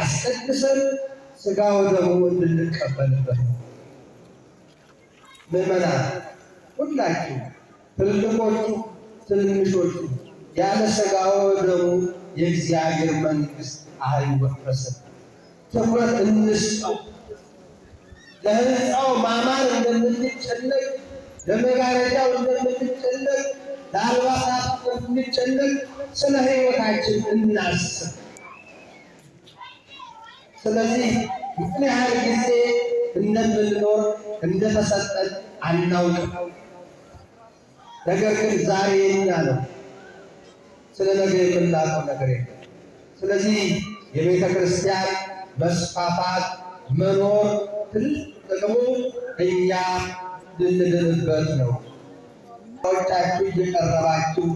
አስቀድሰን ስጋው ደግሞ እንድንቀበልበት ነው። ምዕመናን ሁላችሁ ትልልቆቹ፣ ትንንሾቹ ያለ ስጋው ደግሞ የእግዚአብሔር መንግስት አይወረስም። ትኩረት እንስጠው። ለህንፃው ማማር እንደምንጨነቅ፣ ለመጋረጃው እንደምንጨነቅ፣ ለአልባሳት እንደምንጨነቅ ስለ ህይወታችን እናስብ። ስለዚህ ምን ያህል ጊዜ እንደምንኖር እንደተሰጠን አናውቅም። ነገር ግን ዛሬ የኛ ነው። ስለ ነገ የምላቀው ነገር የለም። ስለዚህ የቤተ ክርስቲያን መስፋፋት መኖር ትልቅ ጥቅሙ እኛ ልንድንበት ነው። ዎቻችሁ እየቀረባችሁ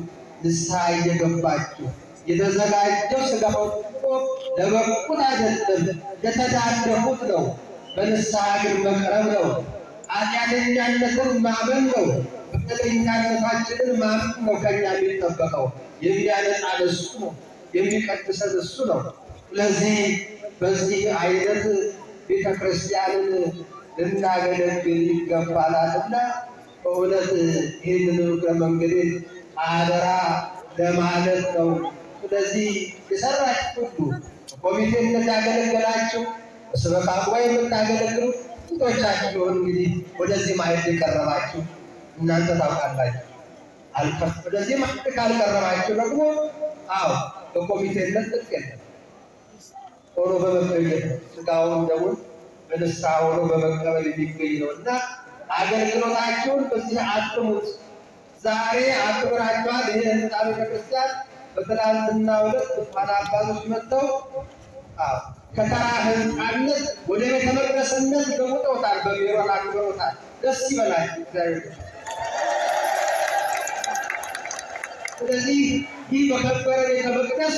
ንስሐ እየገባችሁ የተዘጋጀው ሥጋው እኮ ለበቁት ነው። በንስሐ ግን መቅረብ ነው። ኃጢአተኛነትን ማመን ነው። በደለኛነታችንን ማመን ነው ከኛ የሚጠበቀው። የሚያነጻን እሱ ነው፣ የሚቀድሰን እሱ ነው። ስለዚህ በዚህ አይነት ቤተ ክርስቲያንን ልናገለግል ይገባላልና በእውነት ይህንን እግረ መንገዴን አደራ ለማለት ነው። ስለዚህ የሰራችሁ ሁሉ በኮሚቴነት ያገለገላችሁ በስበካ የምታገለግሉ የምታገለግሉ ስንቶቻችሁን እንግዲህ ወደዚህ ማየት የቀረባችሁ እናንተ ታውቃላችሁ። ወደዚህ ማዕድ ካልቀረባችሁ ደግሞ አዎ በኮሚቴነት ጥቅ የለም ሆኖ በመገኘት ስጋውን ደውል በንስሐ ሆኖ በመቀበል የሚገኝ ነው እና አገልግሎታችሁን በዚህ አትሙት። ዛሬ አክብራችኋል። ይህ ህንፃ ቤተክርስቲያን በትናንትና ሁለት ቁርባን አባቶች መጥተው ከተራ ህንፃነት ወደ ቤተ መቅደስነት ገሙጠውታል። በሚሮን አክብረውታል። ደስ ይበላል። ስለዚህ ይህ በከበረ ቤተ መቅደስ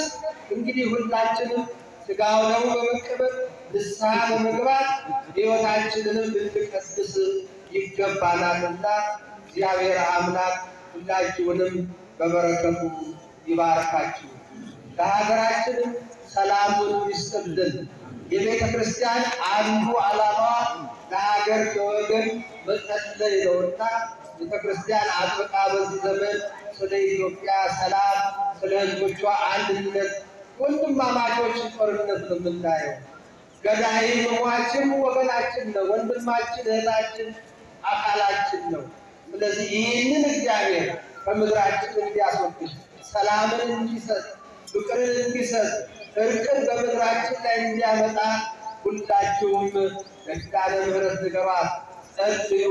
እንግዲህ ሁላችንም ስጋው ደሙ በመቀበል ንስሐ በመግባት ሕይወታችንንም ልንቀድስ ይገባናልና እግዚአብሔር አምላክ ሁላችሁንም በበረከቱ ይባርካችሁ፣ ለሀገራችን ሰላሙን ይስጥልን። የቤተ ክርስቲያን አንዱ ዓላማ ለሀገር ለወገን መጸለይ ነውና ቤተ ክርስቲያን አጥብቃ በዚህ ዘመን ስለ ኢትዮጵያ ሰላም፣ ስለ ሕዝቦቿ አንድነት ወንድማማቾች ጦርነት ነው የምናየው። ገዳይ መዋችን ወገናችን ነው፣ ወንድማችን እህታችን፣ አካላችን ነው። ስለዚህ ይህንን እግዚአብሔር ከምድራችን እንዲያስወግድ ሰላምን እንዲሰጥ፣ ፍቅርን እንዲሰጥ፣ እርቅን በምድራችን ላይ እንዲያመጣ ሁላችሁም ለኪዳነ ምሕረት ንገሯት፣ ጸልዩ።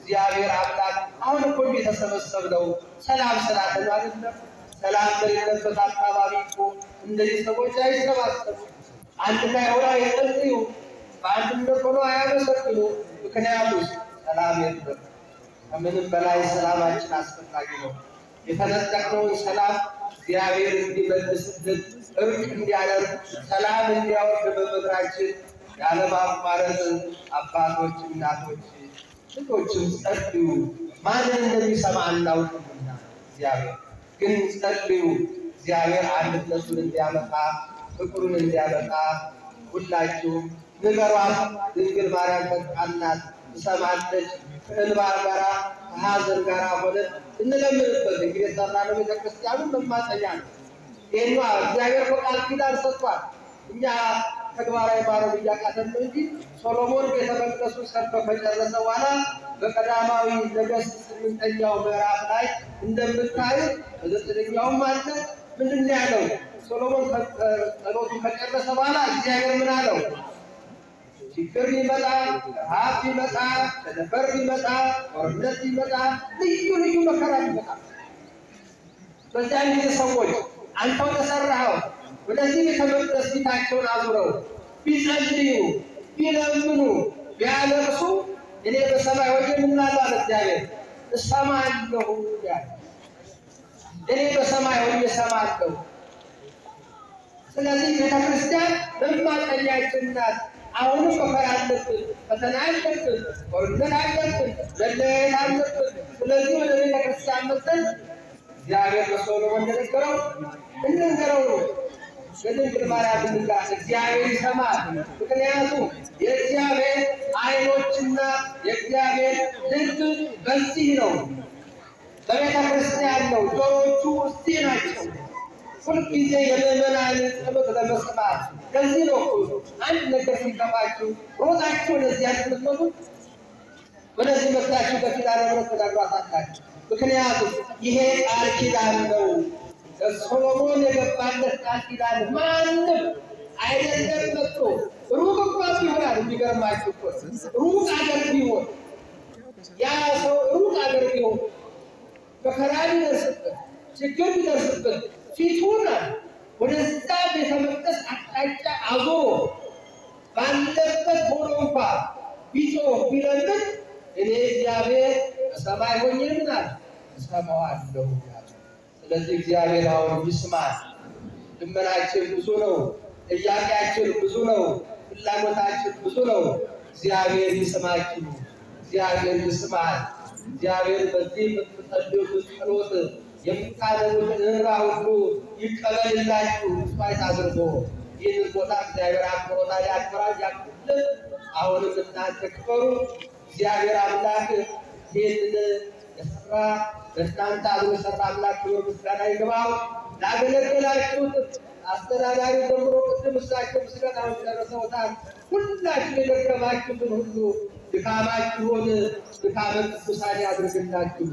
እግዚአብሔር አምላክ አሁን እኮ የተሰበሰብነው ሰላም ስላለን አይደለም። ሰላም በሌለበት አካባቢ እኮ እንደዚህ ሰዎች አይሰባሰቡ። አንድ ላይ ሆነው አይጸልዩ፣ በአንድነት ሆኖ አያመሰግኑ። ምክንያቱ ሰላም የለም። ከምንም በላይ ሰላማችን አስፈላጊ ነው። የተነጠቀውን ሰላም እግዚአብሔር እንዲመልስልን እርቅ እንዲያደርግ ሰላም እንዲያወርድ በምድራችን ያለማቋረጥ አባቶች፣ እናቶች፣ ልጆችም ጸልዩ። ማንን እንደሚሰማ አናውቅምና እግዚአብሔር ግን ጸልዩ። እግዚአብሔር አንድነቱን እንዲያመጣ ፍቅሩን እንዲያመጣ ሁላችሁም ንገሯት። ድንግል ማርያም ፈጣን ናት፣ ትሰማለች። ከእንባ ጋራ ከሀዘን ጋራ ሆነ እንለምንበት። እንግዲህ የሰራነው ቤተክርስቲያኑ መማፀኛ ነው። ይህኗ እግዚአብሔር በቃል ኪዳን ሰጥቷል። እኛ ተግባራዊ ማድረግ እያቃተን ነው እንጂ ሶሎሞን ቤተ መቅደሱ ሰርቶ ከጨረሰ በኋላ በቀዳማዊ ነገሥት ስምንተኛው ምዕራፍ ላይ እንደምታዩት በዘጠነኛውም አለ ምንድን ያለው ሶሎሞን ጸሎቱ ከጨረሰ በኋላ እግዚአብሔር ምን አለው? ችግር ቢመጣ፣ ረሃብ ቢመጣ፣ ቸነፈር ቢመጣ፣ ጦርነት ቢመጣ፣ ልዩ ልዩ መከራ ቢመጣ በዚያን ጊዜ ሰዎች አንተ ወደ ወደዚህ ቤተ መቅደስ ፊታቸውን አዙረው ቢጸልዩ፣ ቢለምኑ፣ ቢያለቅሱ እኔ በሰማይ ወገን ምናለሁ አለ እግዚአብሔር እሰማለሁ ያለ እኔ በሰማይ ሆኜ እሰማለሁ። ስለዚህ ቤተክርስቲያን መማጠኛችን ናት። አሁኑ መከራ አለብን፣ ፈተና አለብን፣ ጦርነት አለብን፣ መለያየት አለብን። ስለዚህ ወደ ቤተ ክርስቲያን መጠን እግዚአብሔር ለሶሎሞን እንደነገረው እንንገረው ነው። ለድንግል ማርያም ምልክት እግዚአብሔር ይሰማል። ምክንያቱም የእግዚአብሔር አይኖችና የእግዚአብሔር ልብ በዚህ ነው፣ በቤተ ክርስቲያን ነው። ጆሮቹ ውስጥ ናቸው፣ ሁልጊዜ የምዕመናንን ጸሎት ለመስማት ከዚህ ነው አንድ ነገር ሲንከፋችሁ ሮጣችሁ ወደዚህ ያስመሰሉት ወደዚህ መጥታችሁ በኪዳነ ምሕረት ተዳግሮ ምክንያቱም ይሄ ቃል ኪዳን ነው። ሰሎሞን የገባለት ቃል ኪዳን ማንም አይደለም መጥቶ ሩቅ እንኳን ቢሆናል የሚገርማችሁ ሩቅ አገር ቢሆን ያ ሰው ሩቅ አገር ቢሆን መከራ ቢደርስበት ችግር ቢደርስበት ፊቱን ወደዛ ቤተ መቅደስ አቅጣጫ አዞ ባለበት ሆኖ እንኳ ቢጮህ ቢለምን እኔ እግዚአብሔር በሰማይ ሆኜ ምን አለ እሰማዋለሁ። ስለዚህ እግዚአብሔር አሁን ይስማል። ልመናችን ብዙ ነው፣ ጥያቄያችን ብዙ ነው፣ ፍላጎታችን ብዙ ነው። እግዚአብሔር ይስማችሁ። እግዚአብሔር ይስማል። እግዚአብሔር በዚህ የምትጸልዩት ጸሎት የምታደርጉት እራ ሁሉ ይቀበልላችሁ። ስፋይት አድርጎ ይህን ቦታ እግዚአብሔር አክብሮታ ያክብራል ያክብርልን። አሁንም እናንተ ክበሩ። እግዚአብሔር አምላክ ይህን የሰራ በእናንተ አብሮ የሰራ አምላክ ክብር ምስጋና ይግባው። ላገለገላችሁት አስተዳዳሪ ጀምሮ ቅድም እሳቸው ምስጋና ደረሰውታል። ሁላችሁ የደከማችሁትን ሁሉ ድካማችሁን ድካመ ቅዱሳን ያድርግላችሁ።